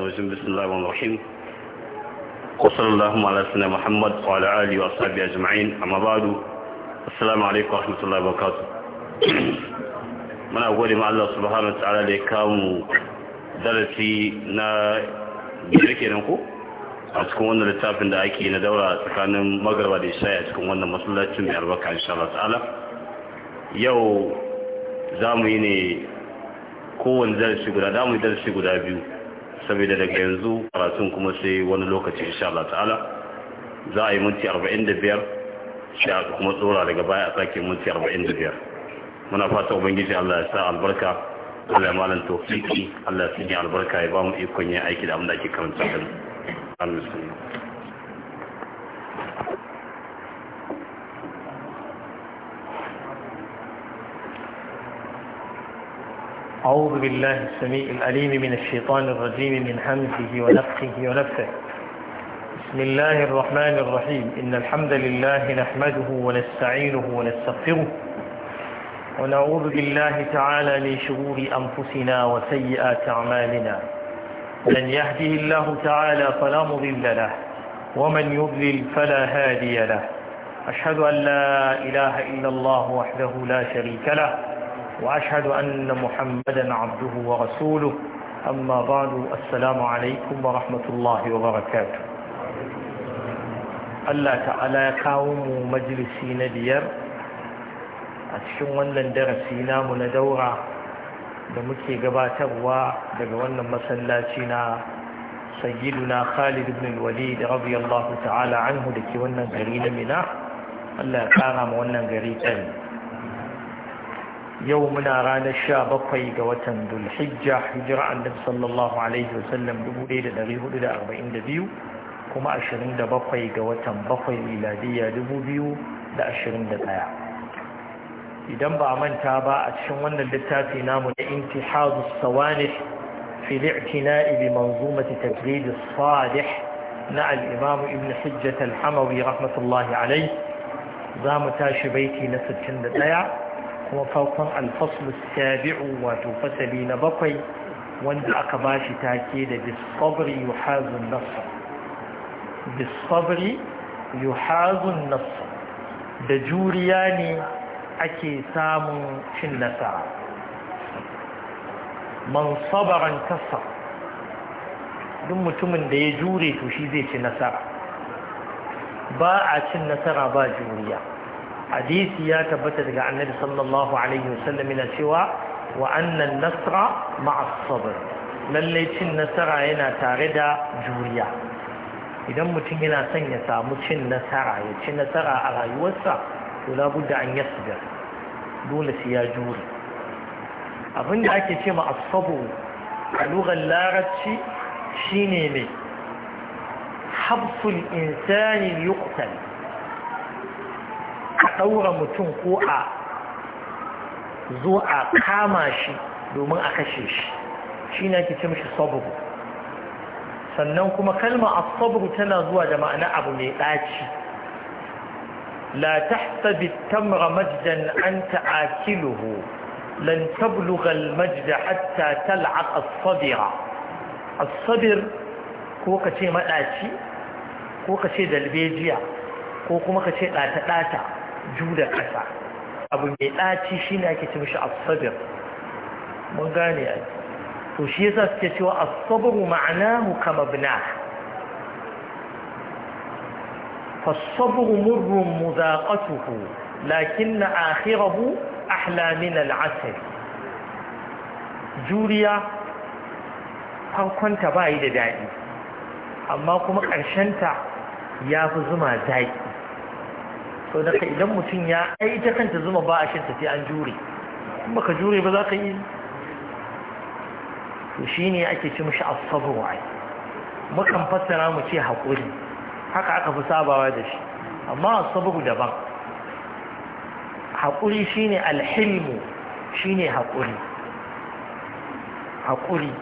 الشيطان الرجيم بسم الله الرحمن الرحيم وصلى اللهم على سيدنا محمد وعلى آله وأصحابه أجمعين أما بعد السلام عليكم ورحمة الله وبركاته muna gode ma Allah subhanahu wataala da ya kamu darasi na biyar kenan a cikin wannan littafin da ake na daura tsakanin magarba da isha a cikin wannan masallacin mai albarka insha Allah ta'ala yau za mu yi ne kowane darasi guda da mu yi darasi guda biyu saboda daga yanzu karatun kuma sai wani lokaci insha Allah ta'ala za a yi minti 45 sai a kuma tsora daga baya a sake minti 45 muna fata ubangiji Allah ya sa albarka Allah ya malan tofiki Allah ya sanya albarka ya ba mu ikon yin aiki da abin da ake karanta da mu أعوذ بالله السميع العليم من الشيطان الرجيم من همزه ونفخه ونفثه بسم الله الرحمن الرحيم إن الحمد لله نحمده ونستعينه ونستغفره ونعوذ بالله تعالى من شرور أنفسنا وسيئات أعمالنا من يهده الله تعالى فلا مضل له ومن يضلل فلا هادي له أشهد أن لا إله إلا الله وحده لا شريك له وأشهد أن محمدا عبده ورسوله أما بعد السلام عليكم ورحمة الله وبركاته Allah ta'ala ya kawo mu majalisi na biyar a cikin wannan darasi namu na daura da muke gabatarwa daga wannan masallaci na sayyiduna Khalid ibn al-Walid radiyallahu ta'ala anhu dake wannan gari na Mina Allah ya kara ma wannan gari tsari يومنا ران الشاب قيق وتند الحجة حجر عن نبي صلى الله عليه وسلم لبو ليلة نغيه للا أربعين لبيو كما أشرين دا بقيق وتن بقي ميلادية لبو بيو لا أشرين دا بايع إذن بقى من تابع أتشون اللتاتي نامنا انتحاض الصوانح في الاعتناء بمنظومة تجريد الصالح نع الإمام ابن حجة الحموي رحمة الله عليه زامتاش بيتي نسد كندا kuma farkon alfasul sabi'u wato fasali na bakwai wanda aka ba shi take da discovery yuhazun nasa discovery yuhazun nasa da juriya ne ake samun cin nasara man sabaran kasa duk mutumin da ya jure to shi zai ci nasara ba a cin nasara ba juriya hadisi ya tabbata daga annabi sallallahu alaihi wasallam ina cewa wa annan nasra ma'a sabr cin nasara yana tare da juriya idan mutum yana son ya samu cin nasara ya ci nasara a rayuwarsa to labudda an yasbir dole sai ya jure abinda ake ce ma asabu a lugar larabci shine mai habsul insani yuqtal ɗaura mutum ko a zo a kama shi domin a kashe shi shi na ke ce mashi saburu sannan kuma kalma a tana zuwa da ma'ana abu mai ɗaci la ta sabi tamra majdan an ta'akiluhu lan tablughal majda hatta tal'aq as-sabira as-sabir ko ka ce maɗaci ko ka ce dalbejiya ko kuma ka ce ɗata-ɗata juda ƙasa abu mai ɗaci shi ne ake ce mishi asabir mun gane a to shi yasa suke cewa asabiru ma'anahu kama bina fasabiru murrun muzaƙatuhu lakin na akhirahu ahla min juriya farkonta ba yi da daɗi amma kuma ƙarshenta ya fi zuma daɗi sau da ka idan mutum ya ai ita kanta zuma ba a shanta sai an jure ba ka jure ba za ka yi to shi ne ake ci mashi asabu ai mukan fassara mu ce haƙuri haka aka fi sabawa da shi amma asabu daban haƙuri shi ne alhilmu shi ne haƙuri haƙuri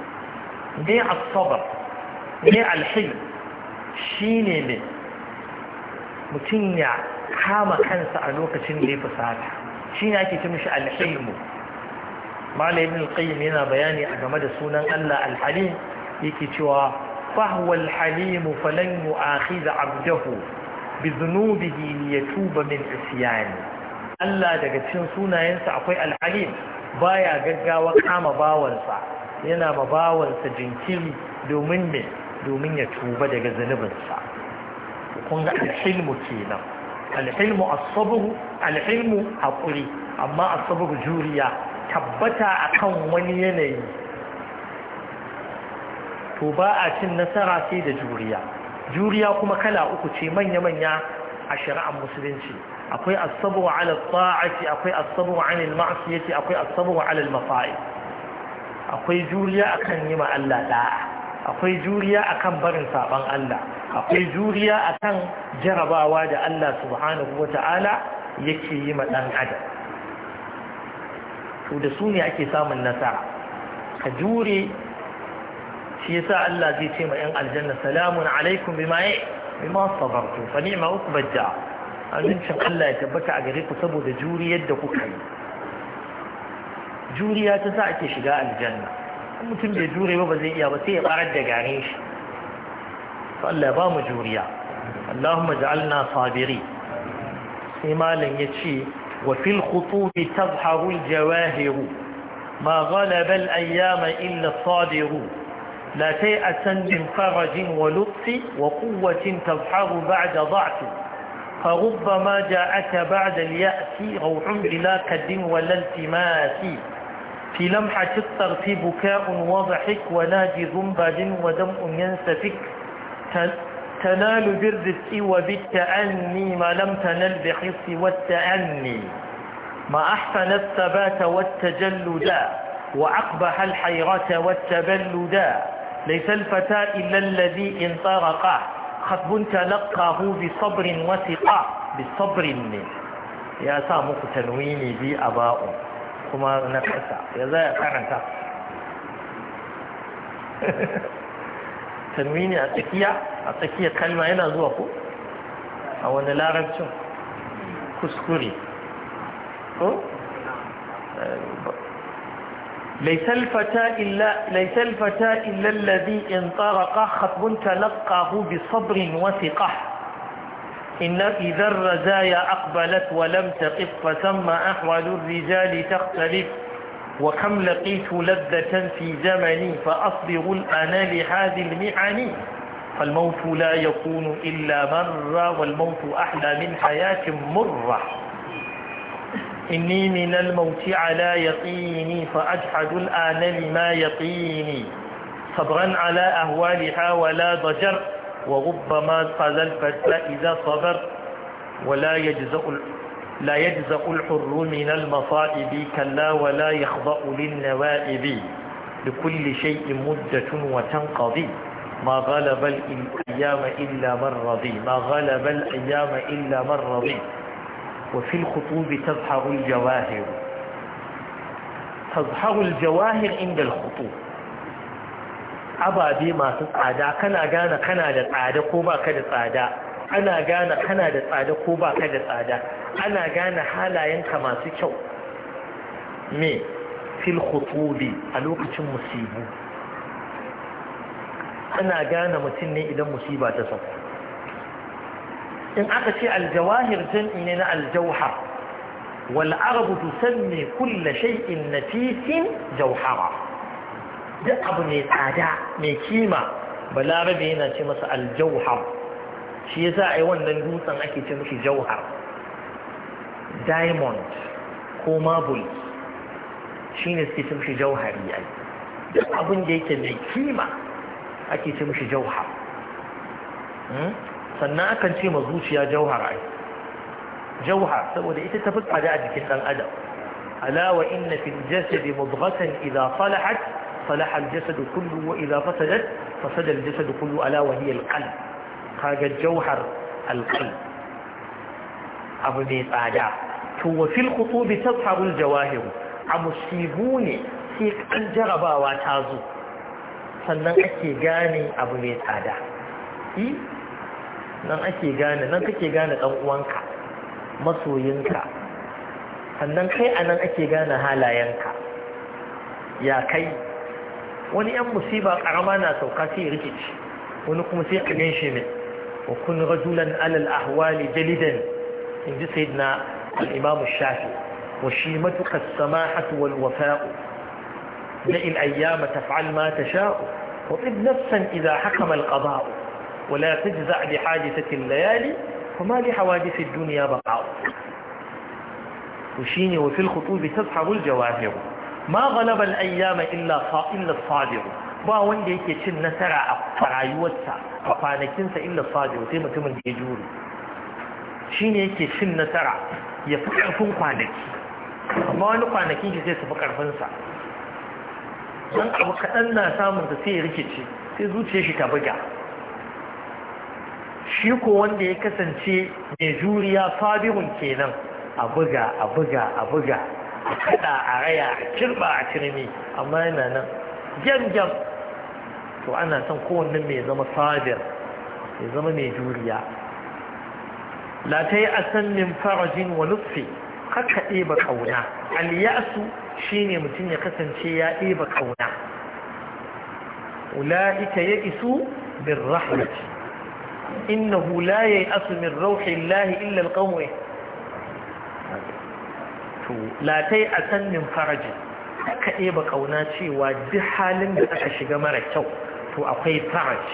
ne asabar ne alhil shi ne ne mutum ya kama kansa a lokacin da ya fusata shi ne ake cimishi alhilmu malayin alƙayyar yana bayani a game da sunan allah alhalim yake cewa fahwal halimu falan a akhi da abdahu bi zunubihi tuba min isyani allah daga cin sunayensa akwai alhalim baya gaggawa kama bawansa yana ma bawansa jinkiri domin ya tuba daga zunubinsa kun ga alhilmu kenan alhilmu asabru alhilmu haƙuri amma asabru juriya tabbata akan wani yanayi to ba'a cin nasara sai da juriya juriya kuma kala uku ce manya-manya a shari'ar musulunci akwai asabru ala ta'ati akwai asabru anil ma'siyati akwai asabru ala al akwai juriya akan yi ma Allah akwai juriya akan barin saban Allah akwai juriya akan jarabawa da Allah subhanahu wata'ala yake yi ma ɗan adam to da su ne ake samun nasara ka jure shi yasa Allah zai ce ma 'yan aljanna salamun alaikum bima bi bima sabartu fa ni'ma uqbad da amincin Allah ya tabbata a gare ku saboda juri yadda kuka yi juriya ta sa ake shiga aljanna mutum bai jure ba ba zai iya ba sai ya ɓarar da gare shi فقال لها بام اللهم اجعلنا صابرين سمالا يتشي وفي الخطوب تظهر الجواهر ما غلب الأيام إلا الصابر لا تيأسا من فرج ولطف وقوة تظهر بعد ضعف فربما جاءك بعد اليأس روح بلا كد ولا التماس في لمحة الترتيب بكاء وضحك ولا جذنبد ودمء ينسفك تنال بالرفق وبالتأني ما لم تنل بحس والتأني ما أحسن الثبات والتجلد وأقبح الحيرة والتبلد ليس الفتى إلا الذي إن خطب تلقاه بصبر وثقة بصبر يا سامك تنويني بي أباء كما نفسه يا ذا كانت tanwini a tsakiya a tsakiyar kalma yana zuwa ko a wani larabcin kuskure ko ليس الفتى إلا, ليس الفتى إلا الذي انطرق خطب تلقاه بصبر وثقة إن إذا الرزايا أقبلت ولم تقف فثم أحوال الرجال تختلف وكم لقيت لذة في زمني فأصبر الآن لهذه المحن فالموت لا يكون إلا مرة والموت أحلى من حياة مرة إني من الموت على يقيني فأجحد الآن لما يقيني صبرا على أهوالها ولا ضجر وربما قذل الفتى إذا صبر ولا يجزأ لا يجزأ الحر من المصائب كلا ولا يخضأ للنوائب لكل شيء مدة وتنقضي ما غلب الأيام إلا من رضي ما غلب الأيام إلا من رضي وفي الخطوب تظهر الجواهر تظهر الجواهر عند الخطوب ababe masu tsada kana gane kana da tsada ko ba ka da tsada أجانا كان kana da tsada ko ba ka ana gane halayenka masu kyau me fil a lokacin musibu ana gane mutum ne idan musiba ta sauko in aka ce aljawahir jam'i ne na aljauhar والعرب تسمي كل شيء نفيس جوهرا ده abu mai tsada mai kima balarabe yana ce masa aljauhar shi yasa yi wannan dutsen ake ce mishi jauhar diamond ko marble shi ne suke cin shi jauhari ai duk abin da yake mai kima ake cin shi jauhar sannan akan ce ma zuciya jauhar ai jauhar saboda ita ta fi tsada a jikin ɗan adam ألا وإن في الجسد مضغة إذا صلحت صلح الجسد كله وإذا فسدت فسد الجسد كله ألا وهي القلب خاج الجوهر القلب أبو ميت آجاء to wa fil ta tazharu al-jawahir a musibu ne sai kan jarabawa ta zo sannan ake gane abu mai tsada hmm? nan ake gane nan kake gane dan uwanka masoyinka sannan kai a nan ake gane halayenka ya kai wani yan musiba karama na sauka sai rikici wani kuma sai ka ganshi ne wa kun rajulan alal ahwali jalidan in ji sayyidina الإمام الشافعي وشيمتك السماحة والوفاء دع الأيام تفعل ما تشاء وطب نفسا إذا حكم القضاء ولا تجزع بحادثة الليالي فما لحوادث الدنيا بقاء وشيني وفي الخطوب تسحب الجواهر ما غلب الأيام إلا إلا الصادر ما wanda yake cin nasara a rayuwarsa إلا kwanakinsa illa sadiq sai شيني da ya jure ya fi ƙarfin kwanaki amma wani kwanakin shi zai tafi ƙarfin ƙarfinsa don abu kaɗan na samun da sai ya sai zuciya shi ta buga shi ko wanda ya kasance mai juriya sabirun kenan a buga a buga a buga a kada a raya a kirba a cirmi amma yana nan gyam gyam to ana son kowanne mai zama sabir ya zama mai juriya لا تي أسن من فرج ونطفي قد كئيب كونا اليأس شين يمتن يقسن شيا إيبا كونا أولئك يئس بالرحمة إنه لا يئس من روح الله إلا القوم لا تي أسن من فرج كئيب كونا شي ودي حال أكشي غمرك تو أخي فرج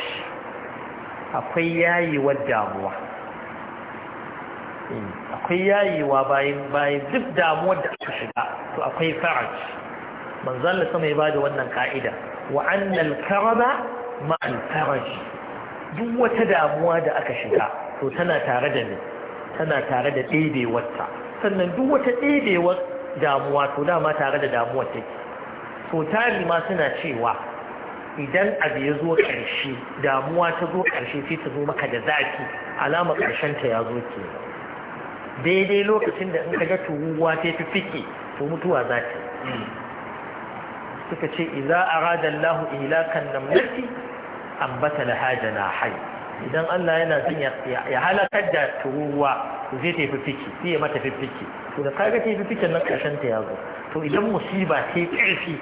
أخي ياي والدابوة akwai yayewa bayan bayan duk damuwar da aka shiga to akwai faraj manzon Allah sama ya bada wannan ka'ida wa annal karaba ma faraj duk wata damuwa da aka shiga to tana tare da ne tana tare da ɗebewarta sannan duk wata ɗebewar damuwa to dama tare da damuwar take to tari ma suna cewa idan abu ya zo ƙarshe damuwa ta zo ƙarshe sai ta zo maka da zafi alamar ƙarshen ta ya zo ke daidai lokacin da in kaga tuwuwa ta fi fike to mutuwa za ta hmm. suka ce idza arada Allah ilakan namlati ambata na janahi idan Allah yana son ya halakar da tuwuwa to zai fi fike sai ya mata fifike to da kaga ta fi fiken nan karshen ta yazo to idan musiba sai kirfi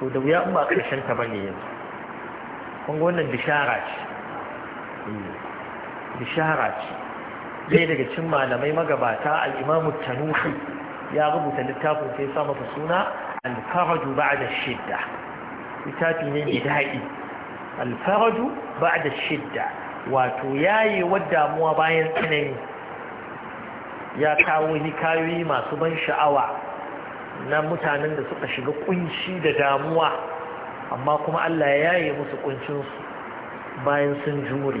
to da wuya in ba karshen ta bane yanzu kun wannan bishara ce hmm. bishara ce zai daga cin malamai magabata al'imamu tanuhi ya rubuta littafin sai sa masa suna alfaraju da shidda littafi ne mai daɗi alfaraju da shidda wato yayi damuwa bayan tsanani ya kawo hikayoyi masu ban sha'awa na mutanen da suka shiga kunshi da damuwa amma kuma Allah ya yaye musu kuncinsu bayan sun jure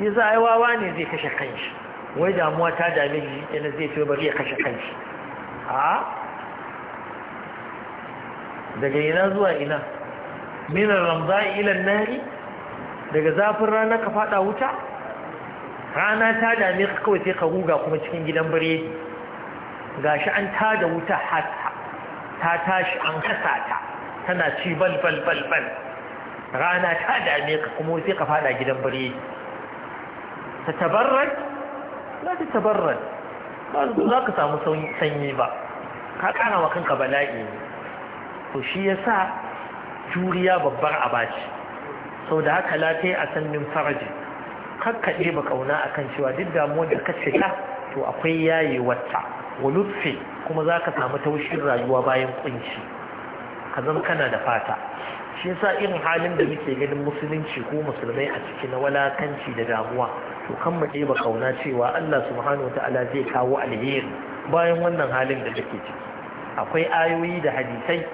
yi za a yi wawa ne zai kashe kanshi wai damuwa ta dami shi yana zai ce bari ya kashe kanshi a daga ina zuwa ina minar ramza ilan nari daga zafin rana ka fada wuta rana ta dami ka kawai sai ka guga kuma cikin gidan biredi Ga shi an tada wuta hata ta tashi an kasa ta tana ci bal bal bal bal rana ta dami ka kuma sai ka fada gidan biredi ta tabarraj ta tabarraj ba za ka samu sanyi ba ka kara wa kanka bala'i ne to shi sa juriya babbar abaci sau da haka latai a sannin faraji kakkaɗe ɗeba kauna akan cewa duk damuwar da ka shiga to akwai yayewarta walutfe kuma za ka samu taushin rayuwa bayan kunci ka zama kana da fata shi yasa irin halin da muke ganin musulunci ko musulmai a ciki na walakanci da damuwa to kan mu ɗeba kauna cewa Allah subhanahu wa ta'ala zai kawo alheri bayan wannan halin da take ciki akwai ayoyi da hadisai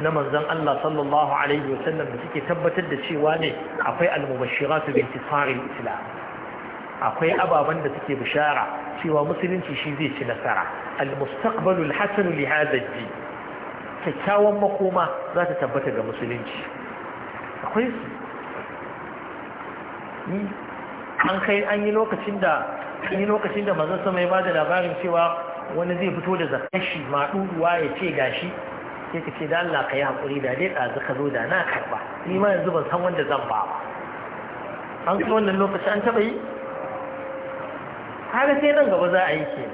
na manzon Allah sallallahu alaihi wasallam da suke tabbatar da cewa ne akwai al-mubashshiratu bi islam akwai ababen da suke bishara cewa musulunci shi zai ci nasara al-mustaqbalu al-hasan li hadha ad-din kyakkyawan makoma za ta tabbata ga musulunci akwai an kai an yi lokacin da an yi lokacin da manzon sama ya ba da labarin cewa wani zai fito da zakar shi maɗuɗuwa ya ce gashi sai ka ce da Allah ka yi haƙuri da dai da ka zo da na karɓa ni ma yanzu ban san wanda zan ba ba an kai wannan lokaci an taɓa yi har sai nan gaba za a yi ke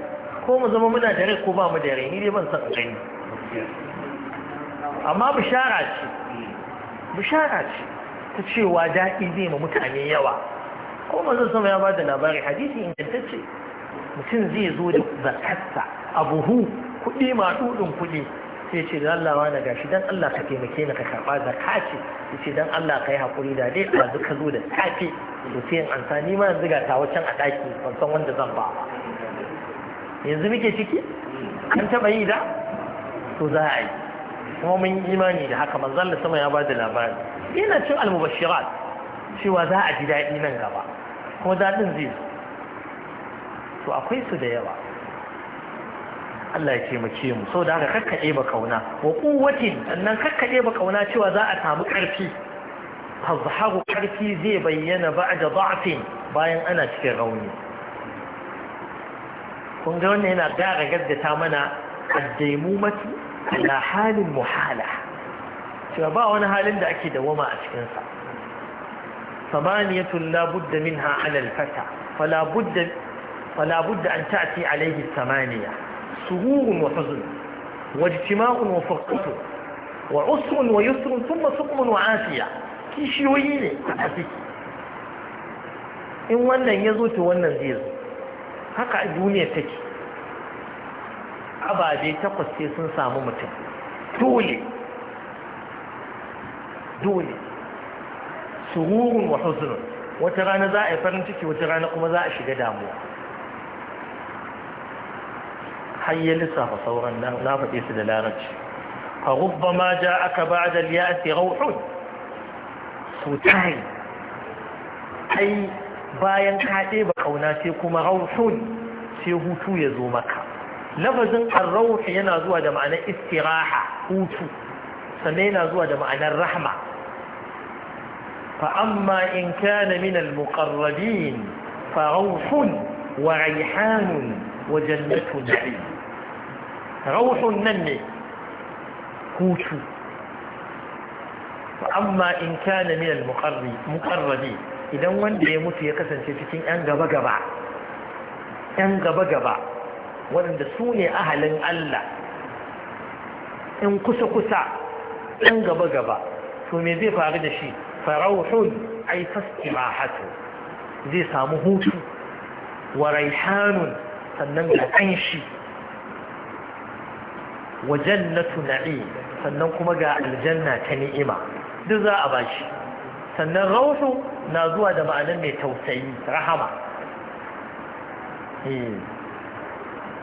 ko mu zama muna da rai ko ba mu da rai ni dai ban san gani amma bishara ce bishara ce ta cewa daɗi zai ma mutane yawa ko manzon sama ya bada labari hadisi ingantacce mutum zai zo da a buhu kuɗi maɗuɗin kuɗi sai ce da Allah wa daga shi dan Allah ka taimake ni ka karɓa zakka ce ya ce dan Allah ka yi haƙuri da dai ba ka zo da safe to sai in ni ma yanzu ga ta wacan a ɗaki ban san wanda zan ba yanzu muke ciki an taɓa yi da to za a yi kuma mun imani da haka manzon sama ya ba da labari yana cin almubashirat cewa za a ji daɗi nan gaba kuma daɗin zai to akwai su da yawa Allah ya taimake mu sau da haka kakkaɗe ba kauna wa ƙuwatin sannan kakkaɗe ba kauna cewa za a samu ƙarfi tazharu ƙarfi zai bayyana ba a da bayan ana cikin rauni kun ga wannan yana gara gaggata mana addaimumatu ala halin muhala cewa ba wani halin da ake dawama a cikinsa ثمانية لا بد منها على الفتى فلا بد فلا بد أن تأتي عليه الثمانية سرور وحزن واجتماع وفرقة وعسر ويسر ثم سقم وعافية kishiyoyi ne a ciki in wannan ya zo ta wannan zai zo haka a duniya take ababe takwas sai sun samu mutum dole dole sururun wa huzunun wata rana za a yi farin ciki wata rana kuma za a shiga damuwa har ya lissafa sauran na faɗe su da larabci a rubba ma ja aka ba da liyasi rauhun su tari ai bayan kaɗe ba ƙauna sai kuma rauhun sai hutu ya zo maka lafazin arrauhi yana zuwa da ma'anar istiraha hutu sannan yana zuwa da ma'anar rahma فأما إن كان من المقربين فروح وريحان وجنة نعيم روح نمي هوتو فأما إن كان من المقربين إذا وندي يموت يكسن شيء أن غبا غبا أن غبا غبا وأن سوني أهل الله إن كسو كسا أن غبا غبا فمن ذي فارد شيء farauhun ai fastirahatu zai samu hutu wa raihanun sannan da kanshi wa jannatu na'i sannan kuma ga aljanna ta ni'ima duk za a bashi sannan rauhu na zuwa da ma'anar mai tausayi rahama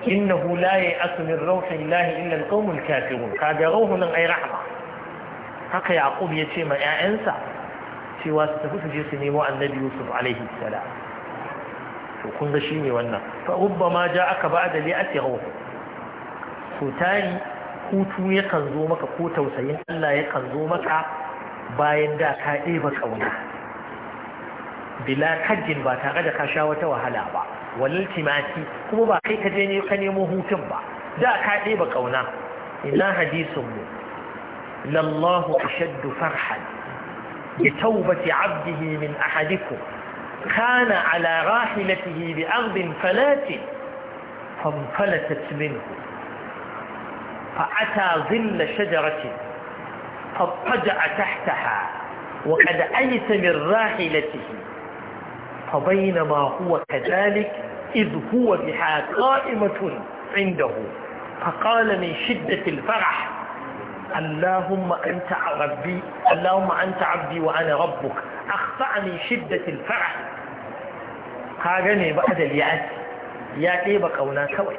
إنه لا يأس من روح الله إلا القوم الكافرون هذا روح من أي رحمة هكا يعقوب يتيما يا أنسى cewa su tafi su je su nemo annabi yusuf alaihi salam to kun ga shine wannan fa rubbama ja'aka ba'da li'atihi to tani hutu kan zo maka ko tausayin Allah yakan zo maka bayan da ka ɗeba ƙauna bila kajin ba tare da ka sha wata wahala ba walil timati kuma ba kai ka je ne ka nemo hutun ba da ka ɗeba ƙauna ina hadisin mu lallahu ashaddu farhan بتوبة عبده من أحدكم كان على راحلته بأرض فلات فانفلتت منه فأتى ظل شجرة فاضطجع تحتها وقد أيس من راحلته فبينما هو كذلك إذ هو بها قائمة عنده فقال من شدة الفرح اللهم أنت ربي اللهم أنت عبدي وأنا ربك أخطأ شدة الفرح كاغني بعد اليأس يا ɗeba ƙauna kawai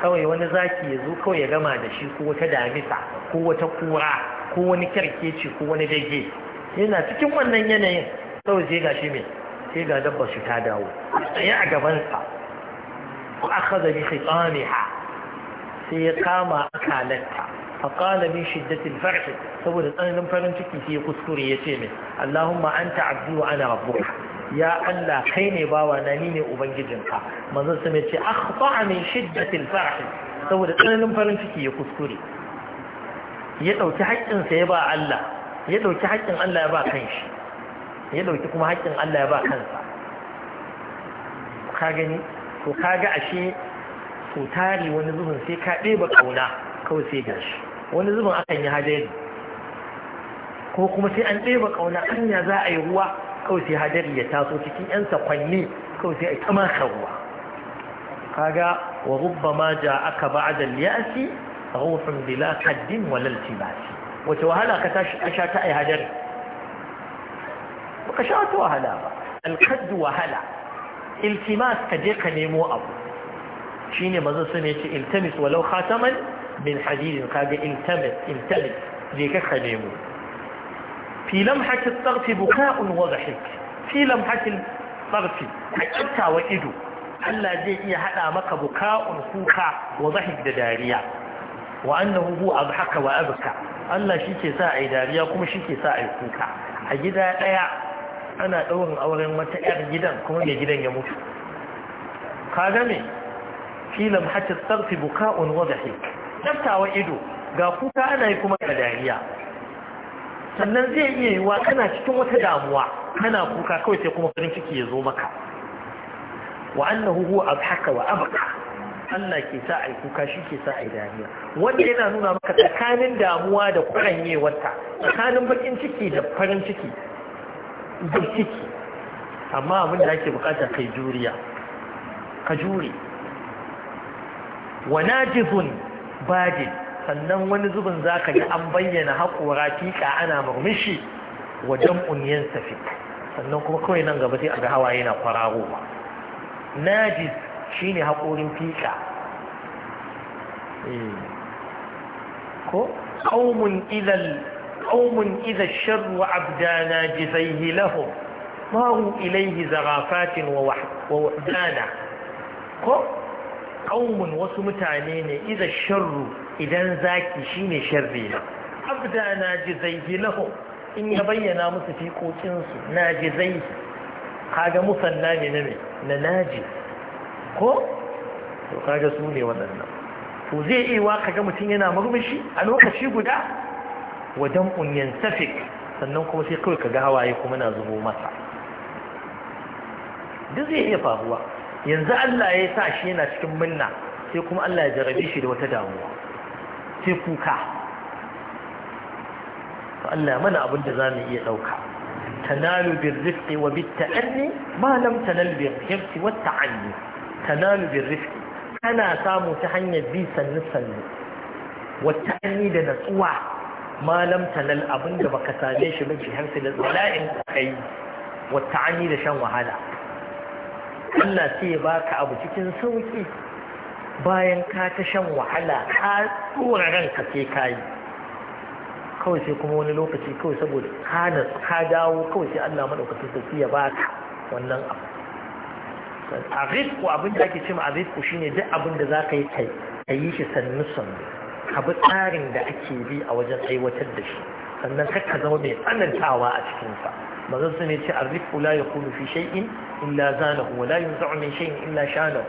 kawai wani zaki ya zo kawai ya gama da shi ko wata damisa ko wata kura ko wani kyarkeci ko wani dage yana cikin wannan yanayin kawai sai ga shi mai sai ga dabba shi ta dawo tsaye a gabansa ko aka zabi shi tsamiha sai ya kama akalarta فقال من شدة الفرح سوف أنا لم فرن تكي في كسكري يتيمي اللهم أنت عبدي وأنا ربك يا الله خيني باوا نانيني أبنجدنك ما زلت ميتي أخطع من شدة الفرح سوف أنا لم فرن تكي في كسكري يدعو تحق إن سيبا الله يدعو تحق إن الله يبا كنش يدعو تكم حق إن الله يبا كنسا كاغني وكاغا أشي سوتاري ونزوهن سيكا إيبا قولا kawai sai gashi wani zubin akan yi hadari ko kuma sai an ɗeba ƙauna hanya za a yi ruwa kawai sai hadari ya taso cikin 'yan sakwanni kawai sai a yi ta maka ruwa kaga wa rubba ma ja aka ba ba'ada liyasi ruhun bila kaddin walal tibasi wace wahala ka tashi a sha ta a ai hadari ka sha ta wahala ba alkaddu wahala iltimas ka je ka nemo abu shine manzon sun ce iltamis walau khataman min hadidin kaga iltamis iltamis ka ka nemo fi lamhatil tsarfi buka'un wa zahik fi a wa ido Allah zai iya haɗa maka buka'un kuka wa da dariya wa annahu hu abhaka wa abka Allah shi ke sa ai dariya kuma shi ke sa ai kuka a gida daya ana daurin auren wata gidan kuma mai gidan ya mutu kaga tsaftawa ido ga kuka ana yi kuma ga dariya sannan zai iya yiwa kana cikin wata damuwa kana kuka kawai sai kuma farin ciki ya zo maka wa annahu huwa abhaka wa abqa Allah ke sa ai kuka shi ke sa ai dariya wanda yana nuna maka tsakanin damuwa da kuranyewarta tsakanin bakin ciki da farin ciki duk ciki amma abin da ake bukata kai juriya ka jure wa najizun bajin sannan wani zubin za ka an bayyana haƙora fiƙa ana murmushi wajen uniyan safi sannan kuma kawai nan gaba sai a ga hawa yana kwararowa najis ne haƙorin fiƙa eh. ko ƙaumun idal qaumun idha sharru abdana jizayhi lahum maru zarafatin wa wahdana ko qaumun wasu mutane ne iza sharru idan zaki shi ne sharri na abda na jizaihi lahum in ya bayyana musu fiƙoƙin na na jizaihi kaga musanna ne na me na naji ko to kaga su ne waɗannan to zai iya wa kaga mutum yana murmushi a lokaci guda wajen unyan safik sannan kuma sai kawai kaga hawaye kuma na zubo masa duk zai iya faruwa yanzu Allah ya sa shi yana cikin minna sai kuma Allah ya jarabe shi da wata damuwa sai kuka Allah mana abin da za mu iya ɗauka tanalu bir rifqi wa bit ta'anni ma lam tanal bir hirsi wa ta'anni tanalu bir rifqi kana samu ta hanyar bi sannu sannu wa ta'anni da natsuwa ma lam tanal abin da baka same shi ba bi hirsi da tsala'in kai wa ta'anni da shan wahala Allah sai ya baka abu cikin sauki bayan ka ta shan wahala ka tsora ranka sai ka yi kawai sai kuma wani lokaci kawai saboda hana ka dawo kawai sai Allah madaukakin sarki ya baka wannan abu a rizku abin da ake ce ma a rizku shine duk abin da za ka yi kai ka yi shi sannu sannu ka bi tsarin da ake bi a wajen aiwatar da shi sannan kakka zama mai tsanantawa a cikinsa manzon sun yace arrifu la yakunu fi shay'in illa zanahu wa la yunza'u min shay'in illa shanahu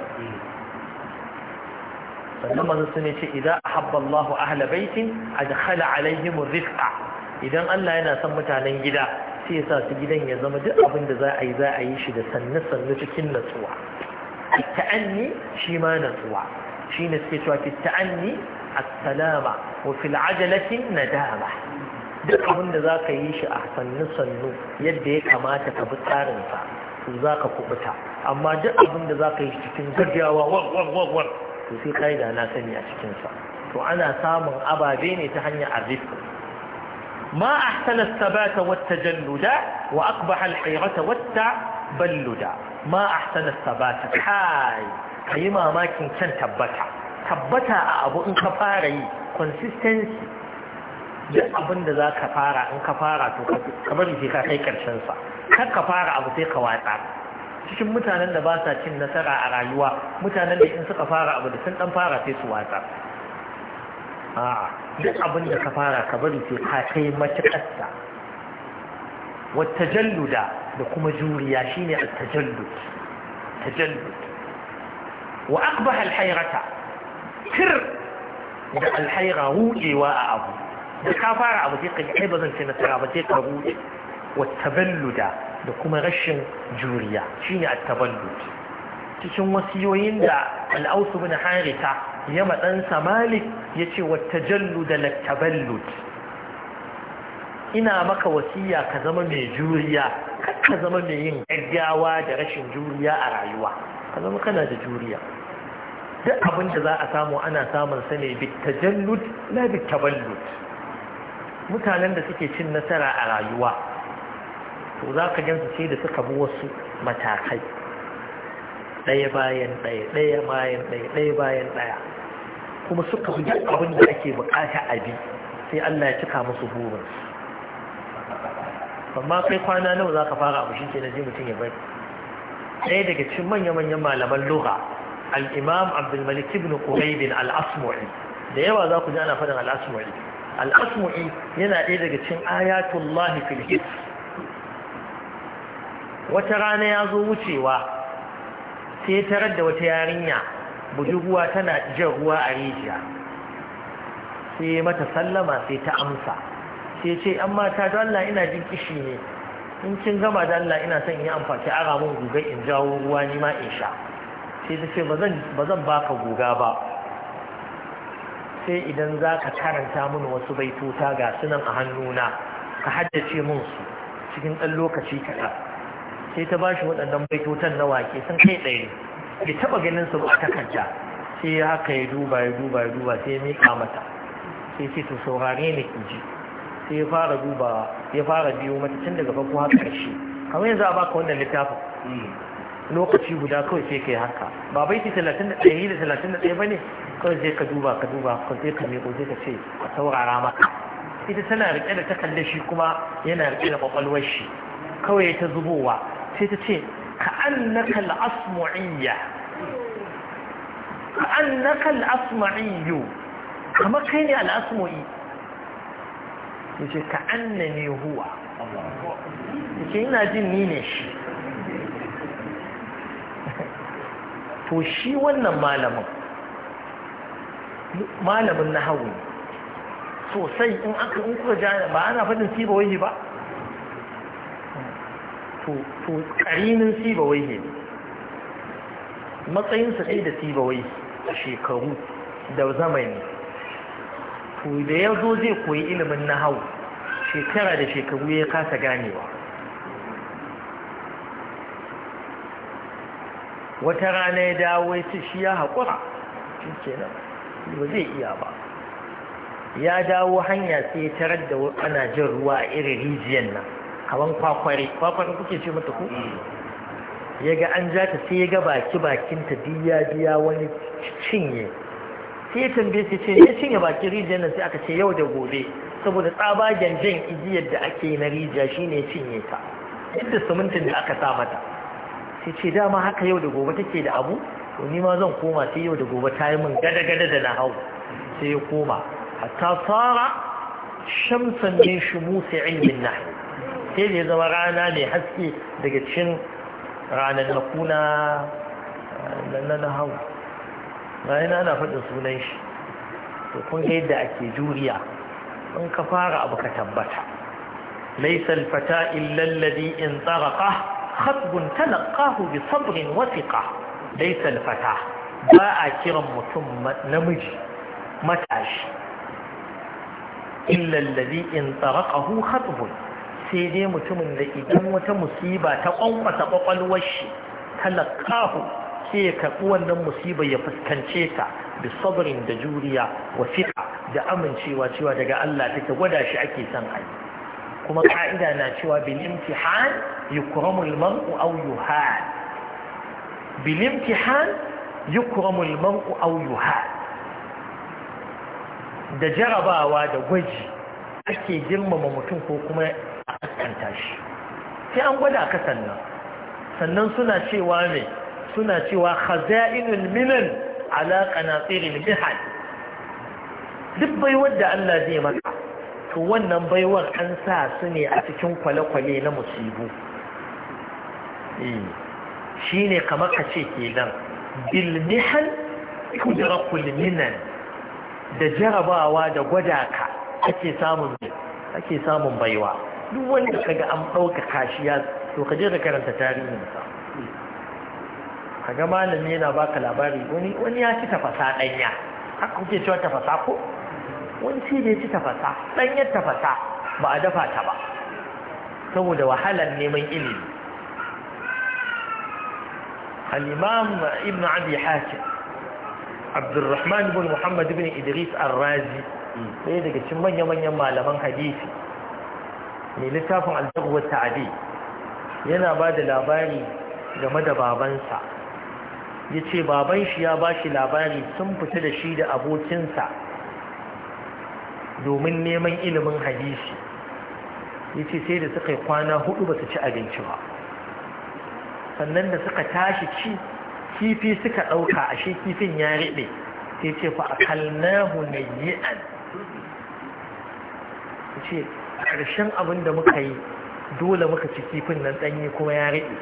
sannan manzon sun yace idan ahabba Allah ahla baitin adkhala alaihim rifqa idan Allah yana son mutanen gida sai ya sa su gidan ya zama duk abin da za a yi za a yi shi da sannu sannu cikin natsuwa ta'anni shi ma natsuwa shine suke cewa ta'anni السلامة وفي العجلة ندامة duk abin da za ka yi shi a sannu sannu yadda ya kamata ka bi tsarinsa za ka kubuta amma duk abin da za ka yi cikin gaggawa wawawawar to sai ka da na sani a cikinsa to ana samun ababe ne ta hanyar arzikin ما أحسن الثبات ma a الحيرة والتبلد ما ka yi mamakin أي tabbata. Tabbata a abu in ka fara yi consistency duk abin da za ka fara in ka fara to ka bari sai ka kai karshen sa kar ka fara abu sai ka watsa cikin mutanen da ba sa cin nasara a rayuwa mutanen da in suka fara abu da sun dan fara sai su watsa a'a duk abin da ka fara ka bari sai ka kai matuƙarsa wata jalluda da kuma juriya shine at-tajallud tajallud wa aqbaha al-hayrata tir da al-hayra ruɗewa a abu da ka fara abu sai ka kai ba zan ce nasara ba sai ka rude wattaballuda da kuma rashin juriya shine at-taballud cikin wasiyoyin da al-Aus bin Harita ya madan sa Malik yace wattajalluda lat-taballud ina maka wasiya ka zama mai juriya kar ka zama mai yin gaggawa da rashin juriya a rayuwa ka zama kana da juriya duk abin da za a samu ana samun sa ne bitajallud la bitaballud mutanen da suke cin nasara a rayuwa to za ka gansu sai da suka bi wasu matakai ɗaya bayan ɗaya ɗaya bayan ɗaya ɗaya bayan ɗaya kuma suka fi abin da ake bukata a bi sai Allah ya cika musu burin amma kai kwana nawa za ka fara abu shi ke na ji mutum ya bari ɗaya daga cikin manya-manyan malaman lura al-imam abdulmalik ibn quraib al-asmu'i da yawa za ku ji ana faɗin al al'asmu'i yana ɗaya daga cin lahi filhis wata rana ya zo wucewa sai ya tarar da wata yarinya ruwa tana jan ruwa a rijiya sai mata sallama sai ta amsa sai ce an mata don Allah ina jin kishi ne in kin gama don Allah ina son yi amfani a ramun guga in jawo ruwa ni in sha sai ta ce ba zan baka guga ba sai idan za ka karanta mun wasu baituta ga sunan a hannuna ka haddace mun su cikin ɗan lokaci kaɗa sai ta bashi waɗannan baitutan na wake sun kai ɗaya ya taɓa ganin su ba takarda sai ya haka ya duba ya duba ya duba sai ya miƙa mata sai ce to saurare ne ki ji sai ya fara dubawa ya fara biyo mata tun daga farko har ƙarshe kamar yanzu a baka wannan littafin hmm. lokaci guda kawai sai kai haka ba baiti 31 ba ne kawai sai ka duba ka duba ka sai ka meko sai ka ce ka saurara maka ita tana rike da takardar shi kuma yana rike da kwakwalwar shi kawai ta zubowa sai ta ce ka annaka al'asmu'iyya ka annaka al'asmu'iyyu kama kai ne al'asmu'i ya ce ka annani huwa ya ce ina jin ni ne shi to shi wannan malamin malamin na hagu sosai in aka in kuka ja ba ana faɗin siba waihe ba to karinin siba waihe matsayinsa ɗai da siba waihe a shekaru da zamani to da ya zo zai koyi ilimin na hau shekara da shekaru ya kasa ganewa wata rana ya dawo ya ce shi ya haƙura cikin kenan nan ba zai iya ba ya dawo hanya sai ya tarar da ana jin ruwa a irin rijiyar nan kaman kwakware kwakware kuke ce mata ku mm. ya ga an ja ta sai ya ga baki bakinta biya biya wani cinye sai ya tambaye sai ce ya cinye bakin rijiyar nan sai aka ce yau da gobe saboda tsabagen jan igiyar da ake na rijiya shine cinye ta yadda sumuntin da aka sa mata sai ce dama haka yau da gobe take da abu to ni ma zan koma sai yau da gobe ta yi min gada-gada da na hau sai ya koma hatta fara shamsan shi musa ilmin na sai da ya zama rana mai haske daga cin ranar na kuna na na hau yana ana faɗin sunan shi to kun ga yadda ake juriya in ka fara abu ka tabbata laisa alfata illa alladhi in tsaraqa خطب تلقاه بصبر وثقة ليس الفتاة باء كرم متم نمج متاش إلا الذي انطرقه خطب سيدي متم لإدم وتمصيبة تقوم تقوى الوشي تلقاه sai ya karɓi wannan musiba ya fuskance ta da da juriya wa fiƙa da amincewa cewa daga Allah take gwada shi ake son ayi kuma ka'ida na cewa bilimtihan imtihan mar'u aw yuhan bilimtihan imtihan mar'u aw yuhan da jarabawa da gwaji ake girmama mutum ko kuma a kaskanta shi sai an gwada ka sannan sannan suna cewa ne suna cewa khaza'inul minan ala qanatiril mihal duk bai wadda Allah zai maka to wannan baiwar an sa su ne a cikin kwale-kwale na musibu hmm. shi ne kamar ka ce ke nan bilmihan kudura kulminan, da jarabawa da gwada ka ake samun ake samun baiwa duk wanda kaga an ɗauka kashiya to ka je ka karanta tarihinsa kaga malami yana baka labari wani ya ci tafasa ɗanya haka kuke cewa tafasa ko wani sai da ya ci tafasa ɗanyar tafasa ba a dafa ta ba saboda wahalar neman ilimi al'imam ibn abi hakim abdurrahman ibn muhammad ibn idris al-razi ɗaya daga cikin manya-manyan malaman hadisi mai littafin aljaguwar ta'adi yana ba da labari game da babansa ya ce baban shi ya ba shi labari sun fita da shi da abokinsa domin neman ilimin hadisi ya ce sai da suka yi kwana hudu ba su ci abinci ba sannan da suka tashi ci kifi suka ɗauka a shi kifin ya riɓe sai ce fa a kalnahu na yi an ce a ƙarshen abin da muka yi dole muka ci kifin nan ɗanyi kuma ya riɓe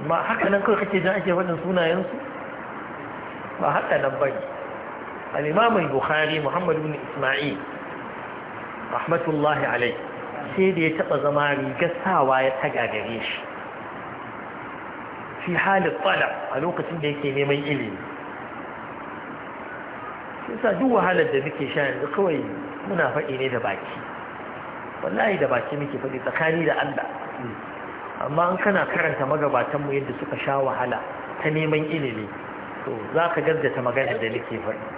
amma haka nan kawai kake jan ake faɗin sunayensu ba haka nan bane al-imam al-bukhari muhammad ibn isma'il rahmatullahi alai sai da ya taba zama rigar sawa ya taga gare shi fi halin tsala a lokacin da yake neman ilimi sai sa duk wahalar da muke sha yanzu kawai muna faɗi ne da baki wallahi da baki muke faɗi tsakani da Allah amma an kana karanta magabatanmu yadda suka sha wahala ta neman ilimi to za ka gaggata maganar da nake faɗi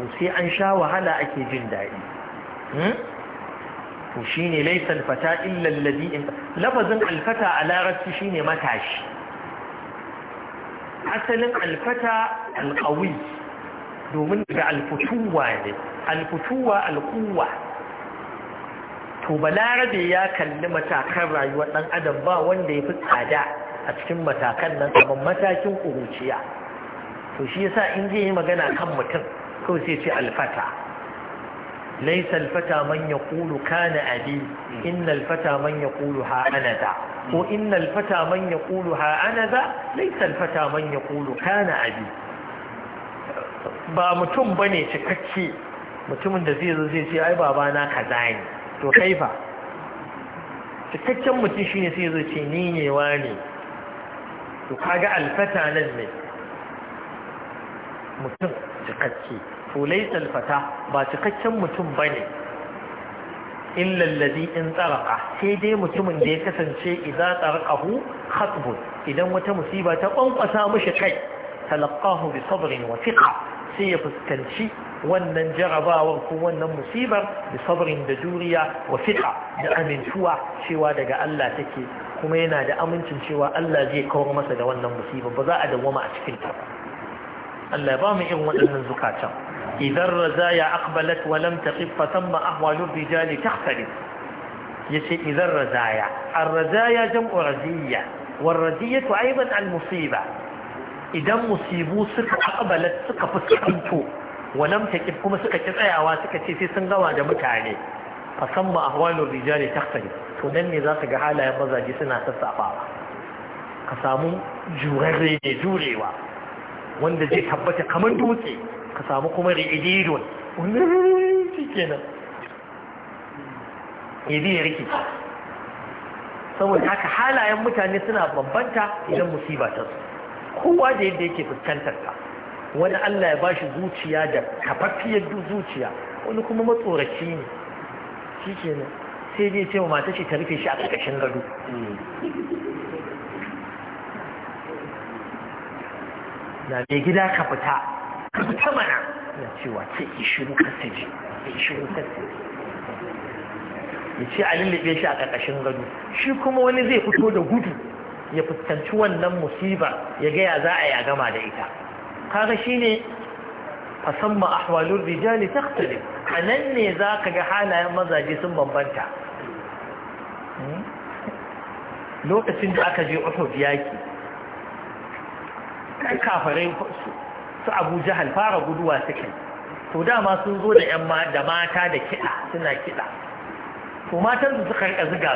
to sai an sha wahala ake jin daɗi hmm? to shine laysa alfata illa alladhi lafazin alfata a larabci shine matashi asalin alfata alqawi domin da alfutuwa ne alfutuwa alquwa to balarabe ya kalli matakan rayuwar ɗan adam ba wanda ya fi tsada a cikin matakan nan kamar matakin ƙuruciya to shi sa in zai yi magana kan mutum kawai sai ce alfata laisa alfata man kulu kana abi inna alfata man kulu ha ana ko inna alfata man kulu ha ana da laisa alfata man yaqulu kana abi ba mutum bane cikakke mutumin da zai zo zai ce ai baba, na kaza ne to kaifa, cikakken mutum shine sai zo ce ni ne wani to kaga alfata nan ne mutum cikakke fulai tsalfata ba cikakken mutum ba ne illallazi in tsaraka sai dai mutumin da ya kasance idza tsarqahu khatbun idan wata musibar ta kwankwasa mashi kai talaqahu bi sabrin sai ya fuskanci wannan jarabawar ko wannan musibar bi da juriya wa da amintuwa cewa daga Allah take kuma yana da amincin cewa Allah zai kawar masa da wannan musibar ba za a dawoma a cikin ta Allah ya ba mu irin waɗannan zukatan idan razaya aqbalat wa lam taqif fa thamma ahwalu rijali takhtalif yace idan razaya ar-razaya jam'u raziya wal radiyatu aidan al-musiba idan musibu suka aqbalat fuskanto wa lam kuma suka ki tsayawa suka ce sai sun gawa da mutane fa thamma ahwalu rijali takhtalif to dan ne za su ga halayen mazaje suna sassafawa ka samu jurarre jurewa wanda zai tabbata kamar dutse ka samu kuma ri'ididun shi nan. idi ya rikici saboda haka halayen mutane suna bambanta idan musiba ta su kowa da yadda yake fuskantar ta wani Allah ya ba shi zuciya da kafaffiyar zuciya wani kuma matsoraci ne shi nan sai dai ce mata ce ta rufe shi a ƙarƙashin gado na mai gida ka fita ka fita mana ya cewa ce ishiru kasaji ishiru kasaji ya ce a lullube shi a ƙarƙashin gado shi kuma wani zai fito da gudu ya fuskanci wannan musiba ya gaya za a yi a gama da ita kaga shi ne fasamma ahwalur rijali taktali a nan ne za ka ga halayen mazaje sun bambanta hmm? lokacin da aka je uhud yaki kafarai su abu jahal fara guduwa suke to dama sun zo da yan da mata da kiɗa suna kiɗa to matan su suka rika ziga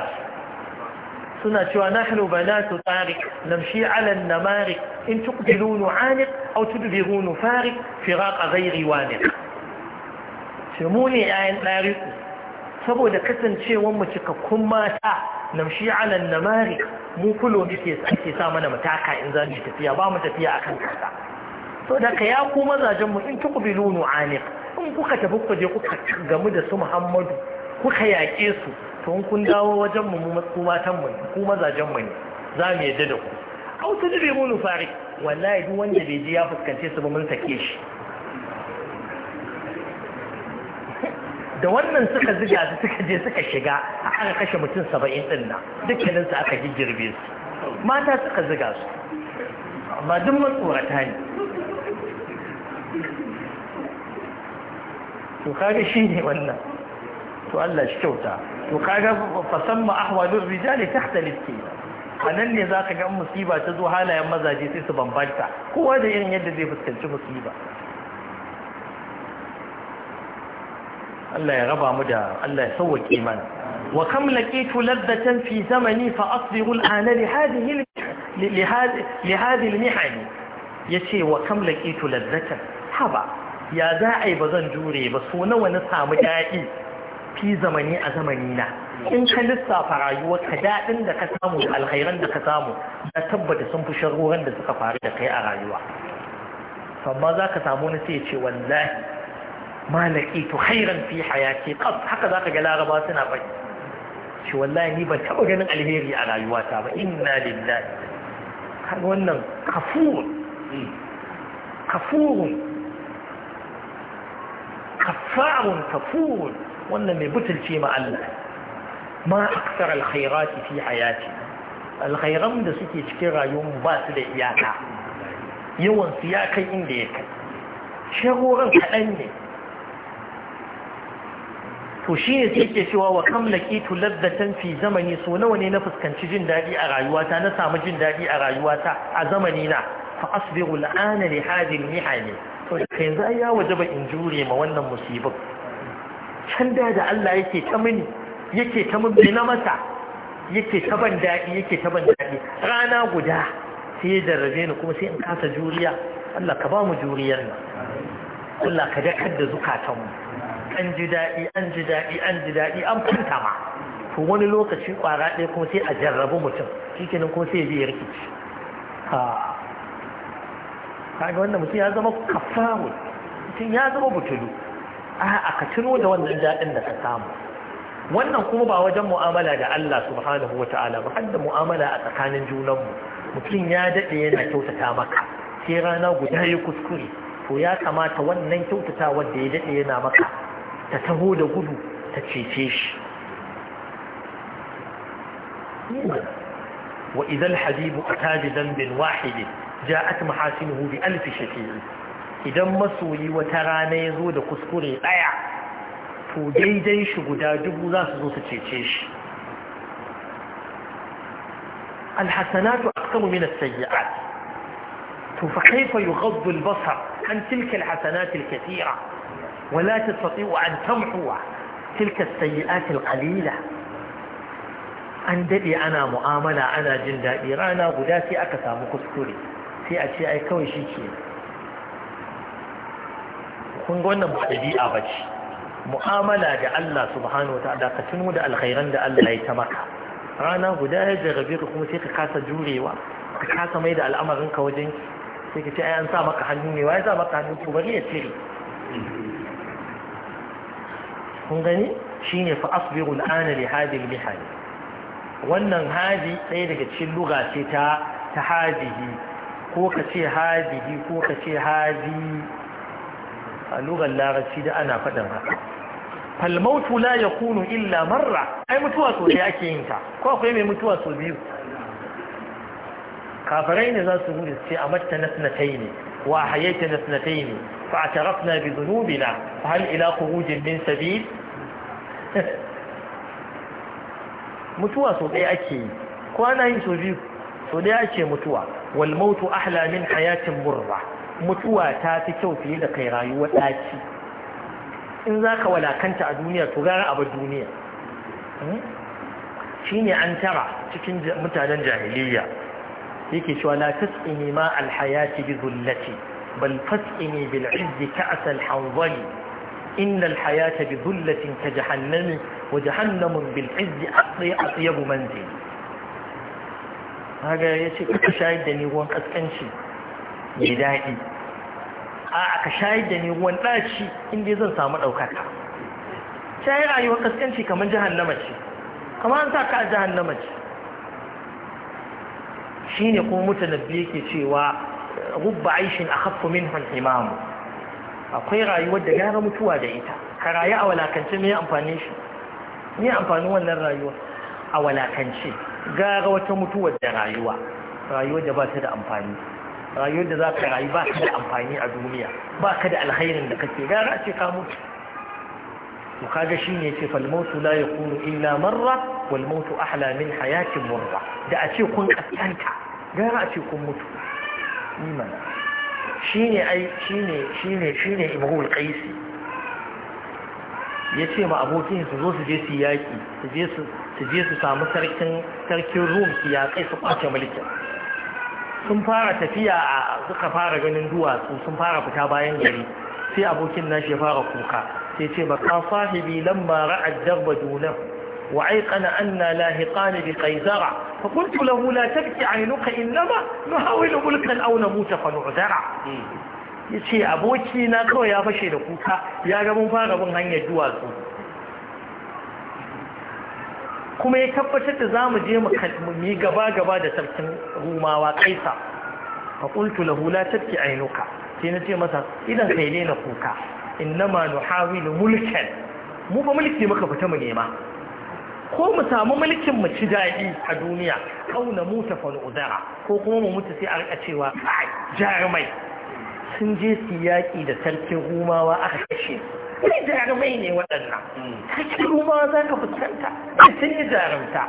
su suna cewa nahnu banatu tariq shi ala an in tuqbilu nu'aniq aw tudbiru nufariq firaqa ghairi waniq ce mu ne 'ya'yan ɗari saboda kasancewar mu cikakkun mata namshi alan an-namariq mu kulo muke sa mana mataka in za mu tafiya ba mu tafiya akan kasa so da ka ya ku mazajen mu in nu nu'anif in kuka tafi ku je kuka gamu da su Muhammadu kuka yaƙe su to in kun dawo wajen mu mu matan mu ku mazajen mu ne za mu yadda da ku au tudribu fari wallahi duk wanda bai ji ya fuskance su ba mun take shi da wannan suka ziga su suka je suka shiga a aka kashe mutum saba'in din nan dukkanin su aka girgirbe su mata suka ziga su amma duk tsorata ne يقال شيني ولا تؤلى شتوتا يقال فسمى أحوال الرجال تحت الاتين فنني ذاك أم مصيبة تدو حالا يا مزاجي تسبا مبالتا هو هذا يعني يد ذي فتكن شو مصيبة الله يغبى مدى الله يسوك إيمان وكم لقيت لذة في زمني فأصبغ الآن لهذه لهذه المحن يشي وكم لقيت لذة حبا ya za a yi ba zan jure ba so nawa na samu daɗi fi zamani a zamani na in ka lissafa rayuwar ka daɗin da ka samu da alkhairan da ka samu na tabbata sun fi sharuran da suka faru da kai a rayuwa amma za ka samu na sai ce wallahi ma laqitu hairan fi hayati qad haka zaka ga laraba suna faɗi ce wallahi ni ban taɓa ganin alheri a rayuwata ba inna lillahi wannan kafur kafurun صعب كفور وانما بتل في معلق ما اكثر الخيرات في حياتي الخير ده سيكي تكيرا يوم باس ده اياتا يوان انديك شغورا كأني تشين سيكي شوا وكم لكيت لذة في زمني سونا نفس كان تجين دادي ارايواتا نسام جين دادي ارايواتا ازمنينا فاصبر الان لهذه المحنه kai za yanzu ai ya wajaba in jure ma wannan musibin can da da Allah yake ta mini yake ta na masa yake ta ban daɗi yake ta ban daɗi rana guda sai ya jarrabe ni kuma sai in kasa juriya Allah ka ba mu juriyar nan Allah ka dakar da zukatanmu an ji daɗi an ji daɗi an ji daɗi an fanta ma to wani lokaci ƙwara ɗaya kuma sai a jarrabu mutum shi kenan kuma sai ya je rikici kaga wannan mutum ya zama kafaru mutum ya zama butulu a ka tuno da wannan daɗin da ka samu wannan kuma ba wajen mu'amala da Allah subhanahu wa ta'ala ba hadda mu'amala a tsakanin junanmu mutum ya daɗe yana kyautata maka sai rana guda ya kuskure to ya kamata wannan kyautata da ya daɗe yana maka ta taho da gudu ta cece shi وإذا الحبيب أتى بذنب wahidin جاءت محاسنه بألف شكيه إذا ما سوي وترانا يزو دا كسكوري طيع تو جي جي شغدا جبو ذا سزو تتشيش الحسنات أكثر من السيئات تو فكيف يغض البصر عن تلك الحسنات الكثيرة ولا تستطيع أن تمحو تلك السيئات القليلة عندي أنا مؤامنة أنا جندائي رانا غداتي أكثر مكسكوري sai a ce ai kawai shi ke kun ga wannan ba ɗabi'a ba ce mu'amala da Allah subhanahu wata'ala ka tuno da alkhairan da Allah ya ta maka rana guda ya jarabe ka kuma sai ka kasa jurewa ka kasa mai da al'amarin ka wajen sai ka ce ai an sa maka hannu ne wai sa maka hannu to bari ya cire kun gani shine fa asbiru al'ana li hadhihi al-mihal wannan hadi ɗaya daga cikin lugha ce ta ta hadihi ko ka ce hazihi ko ka ce hazi a lugar larabci da ana faɗin haka falmautu la ya kunu illa marra ai mutuwa so ɗaya ake yin ta ko akwai mai mutuwa so biyu kafirai ne za su gudu ce a matta na sinatai ne wa hayyata na sinatai ne fa a tarafna bi zunubina fa hal ila kurujin min sabil mutuwa so ɗaya ake yi ko ana yin so biyu to da ya ce mutuwa wal mautu ahla min hayatin murra mutuwa ta fi kyau fiye da kai rayuwa ɗaci in zaka walakanta a duniya to gara abu duniya shine an tara cikin mutanen jahiliya yake cewa la tasqini ma al hayati bi zullati bal fasqini bil izz ka'as al hanzali ان الحياه بذله كجحنم وجحنم بالعز اطيب wa kaga ya ce ka shayar da ni ruwan kaskanci mai daɗi a aka shayar da ni ruwan ɗaci inda zan samu ɗaukaka shayar rayuwar kaskanci kamar na mace, kamar an sa ka a na mace. shi ne kuma biyu yake cewa rubba aishin a haffu min imamu akwai rayuwar da gara mutuwa da ita ka rayu a walakance mai amfani shi ne amfani wannan rayuwar a walakance gara wata mutuwar da rayuwa rayuwar da ba ta da amfani rayuwar da za ka rayu ba ka da amfani a duniya ba ka da alhairin da kake gara a ce ka mutu to kaga shi ne ce Falmautu la yakunu illa marra wal mautu ahla min hayatin murra da a ce kun kaskanta gara a ce kun mutu imana shine ai ne shine shine ibrahim qaisi yace ma abokin su zo su je su yaki su je su su je su samu sarkin rum su yaƙai su kwace mulkin sun fara tafiya a suka fara ganin duwatsu sun fara fita bayan gari sai abokin nashi ya fara kuka sai ce ba ka sahibi lamma ra'ad darba dunan wa aiqana anna lahiqan bi qaisara fa qultu lahu la tabki na innama nuhawilu mulkan auna namuta fa nu'zara hmm. yace aboki na kawai ya fashe da kuka ya ga mun fara bin hanyar duwatsu kuma ya tabbatar da za mu je mu yi gaba gaba da sarkin rumawa kaisa fa qultu lahu la a ainuka sai na ce masa idan kai ne na kuka hawi da mulkin mu ba mulki muka fita mu nema ko mu samu mulkin mu ci daɗi a duniya au na muta fa udara ko kuma mu mutu sai a rika cewa jarumai sun je su yaƙi da sarkin rumawa aka kashe kai jarumai ne waɗannan hmm. kake ruwa za ka fuskanta sun yi jarumta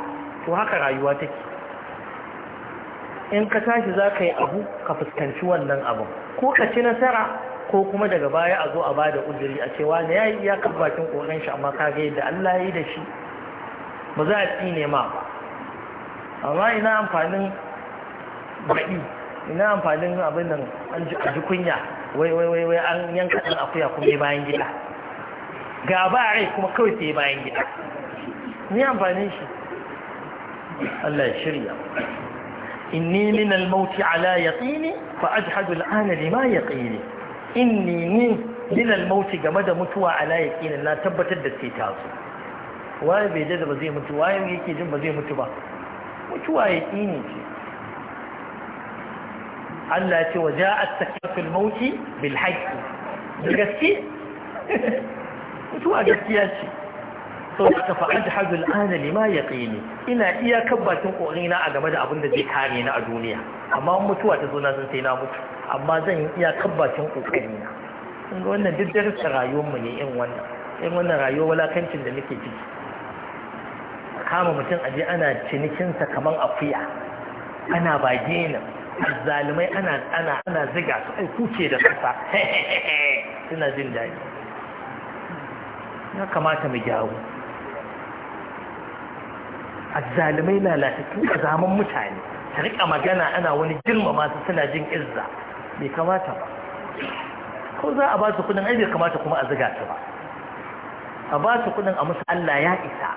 to haka rayuwa take in ka tashi za ka yi abu ka fuskanci wannan abin ko ka ci nasara ko kuma daga baya a zo a bada ujiri a cewa na yayi iyakar bakin kokarin shi amma kage yadda Allah ya yi da shi ba za a tsine ma ba amma ina amfanin baɗi ina amfanin abin nan an ji kunya wai wai wai an yanka ɗan akuya kuma bayan gida ga ba rai kuma kawai sai bayan gida ni amfanin shi Allah ya shirya inni min al mauti ala yaqini fa ajhadu al-ana lima yaqini inni ni min al mauti game da mutuwa ala yaqini na tabbatar da sai ta zo waye bai da ba zai mutu waye yake jin ba zai mutu ba mutuwa yaqini ce Allah ya ce waja'at sakratul maut bil haqq gaske mutuwa gaskiya ce sau da kafa an jihar al'ana lima ya ƙini ina iya kabbatin ƙorina a game da abin da zai kare na a duniya amma mutuwa ta zo na sun sai na mutu amma zan iya kabbacin ƙoƙarina sun ga wannan duk darasa rayuwarmu ne in wannan in wannan rayuwar walakancin da muke ciki kama mutum aje ana cinikinsa kamar afiya ana bagena azzalumai ana ana ziga su ai kuke da kasa suna jin daɗi ya kamata mu gyaru azzalimai lalatattu a zaman mutane ta rika magana ana wani girmama masu suna jin izza bai kamata ba ko za a ba su kudin ai bai kamata kuma a ziga su ba a ba su kudin a musu Allah ya isa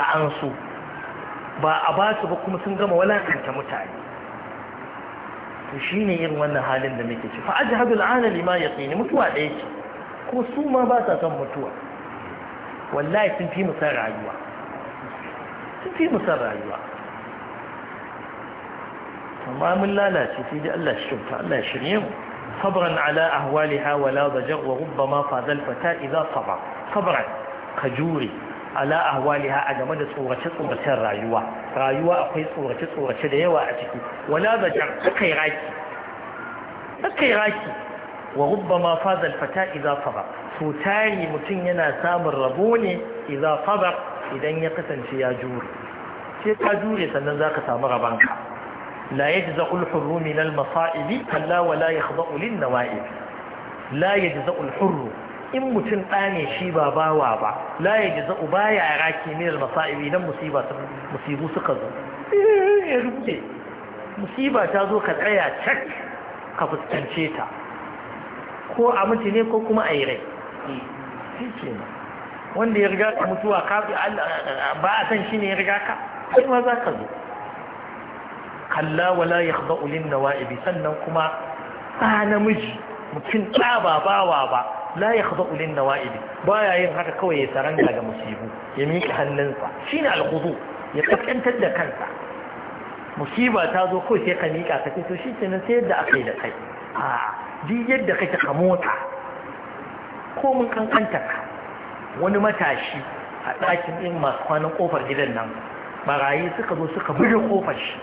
a an su ba a ba su ba kuma sun gama walakanta mutane to shine irin wannan halin da muke ci fa ajhadul ana lima yaqini mutuwa ɗaya ce ko su ma ba sa son mutuwa wallahi sun fi musan rayuwa sun fi musan rayuwa amma mun lalace sai dai Allah shi shirta Allah shirye mu sabran ala ahwaliha wala dajar wa rubbama fadal fata idza sabra sabran jure ala ahwaliha a game da tsorace-tsoracen rayuwa rayuwa akwai tsorace-tsorace da yawa a ciki wala da jar kai raki kai raki wa rubbama fadal fata idza faba to tari mutum yana samun rabo ne idza faba idan ya kasance ya jure sai ka jure sannan zaka samu ka. la yajza'u al-hurru min al-masa'ib kalla wa la yakhda'u lin-nawa'ib la yajza'u al-hurru in mutum ne shi ba bawa ba la yajza'u baya raki min al-masa'ib idan musiba musibu suka zo eh, ya rubuce musiba ta zo ka tsaya cak ka fuskance ta ko a mutu ne ko kuma a yi rai eh, wanda ya riga ka mutuwa ba a san shi ne ya riga ka sai ma za ka zo kalla wala ya haɗa ulin da wa'ibi sannan kuma ta namiji mutum ta ba bawa ba la ya haɗa ulin da wa'ibi ba ya yin haka kawai ya saranga ga musibu ya miƙa hannunsa shi ne alhudu ya kaskantar da kansa musiba ta zo kawai sai ka miƙa ka ce to shi ce na sai yadda aka yi da kai duk yadda kake ka mota ko mun kankanta ka wani matashi a ɗakin ɗin masu kwanan ƙofar gidan nan barayi suka zo suka buge ƙofar shi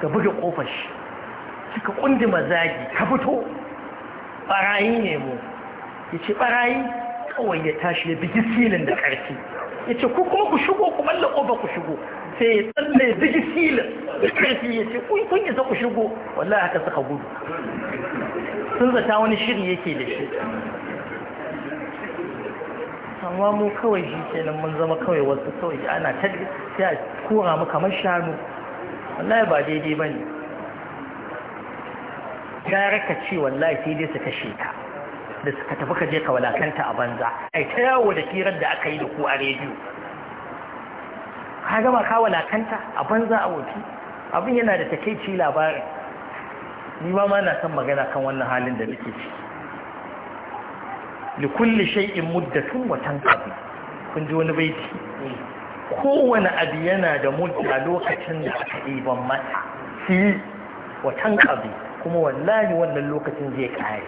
suka buge ƙofar shi suka ƙundi mazagi ka fito barayi ne mu ya ce barayi kawai ya tashi ya bigi silin da ƙarfi ya ce ku kuma ku shigo ku malla ƙofar ku shigo sai ya tsalle bigi silin ƙarfi ya ce kun kun isa ku shigo wallahi haka suka gudu sun zata wani shiri yake da shi amma mu kawai shi nan mun zama kawai wasu kawai ana ta ya kura mu kamar shanu wallahi ba daidai ne. gara ka ce wallahi sai dai suka sheka. ka da suka tafi ka je ka walakanta a banza ai ta yawo da kirar da aka yi da ku a rediyo ka gama ka walakanta a banza a wofi abin yana da takeici labarin ni ma ma na san magana kan wannan halin da nake li kulli shay'in muddatun wa tanqadi kun ji wani baiti kowane abu yana da mudda lokacin da aka iban mata fi wa tanqadi kuma wallahi wannan lokacin zai kare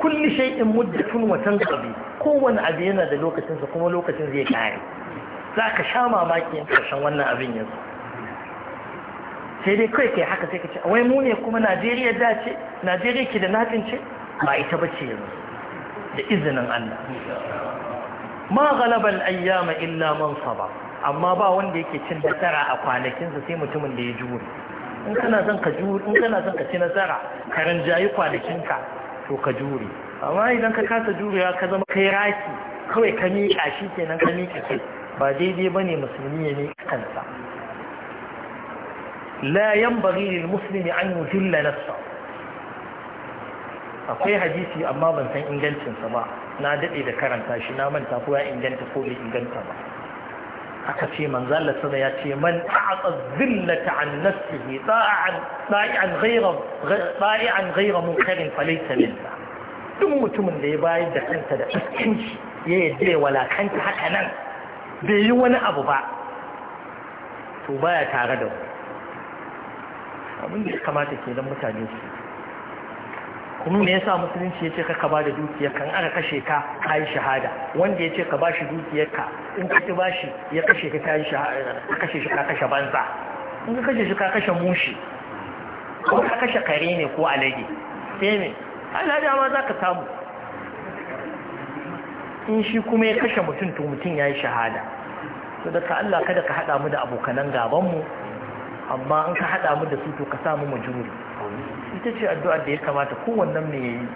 kulli shay'in muddatun wa tanqadi kowane abu yana da lokacin sa kuma lokacin zai kare za ka sha mamaki yin karshen wannan abin yanzu sai dai kai kai haka sai ka ce wai mu ne kuma najeriya da ce najeriya ke da nafin ce ba ita ba ce yanzu da izinin allah ma galabal ayyama illa man saba amma ba wanda yake cin nasara a kwanakinsa sai mutumin da ya jure in kana son ka juri in kana son ka ci nasara ka rinjayi kwanakinka to ka jure amma idan ka kasa jurewa ka zama kai raki kawai ka miƙa shi kenan ka miƙa kai ba daidai ba ne musulmi ya ne kansa la yan bari an yujilla nafsa akwai hadisi amma ban san ingancinsa ba na daɗe da karanta shi na manta ko ya inganta ko bai inganta ba aka ce man Allah sama ya ce man ta'ata zillata an nafsihi ta'an ta'ian ghayra ta'ian ghayra munkarin duk mutumin da ya bayar da kanta da iskinci ya yadda ya walakanta haka nan bai yi wani abu ba to baya tare da abin da ya kamata ke don mutane su kuma me yasa musulunci ya ce ka ba da dukiyar kan aka kashe ka ka yi shahada wanda ya ce ka bashi dukiyar ka in ka ci bashi ya kashe ka ta yi shahada ka kashe shi ka kashe banza in ka kashe shi ka kashe mushi ko ka kashe kare ne ko alade sai ne alade ma za ka samu in shi kuma ya kashe mutum to mutum ya yi shahada to da ka Allah kada ka haɗa mu da abokanan gabanmu amma in ka haɗa mu da su to ka samu majuri ita ce addu'ar da ya kamata kowannen ne ya yi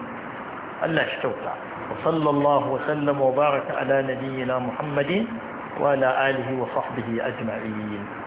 Allah shi kyauta wa sallallahu wa sallama wa baraka ala nabiyyina muhammadin wa ala alihi wa sahbihi ajma'in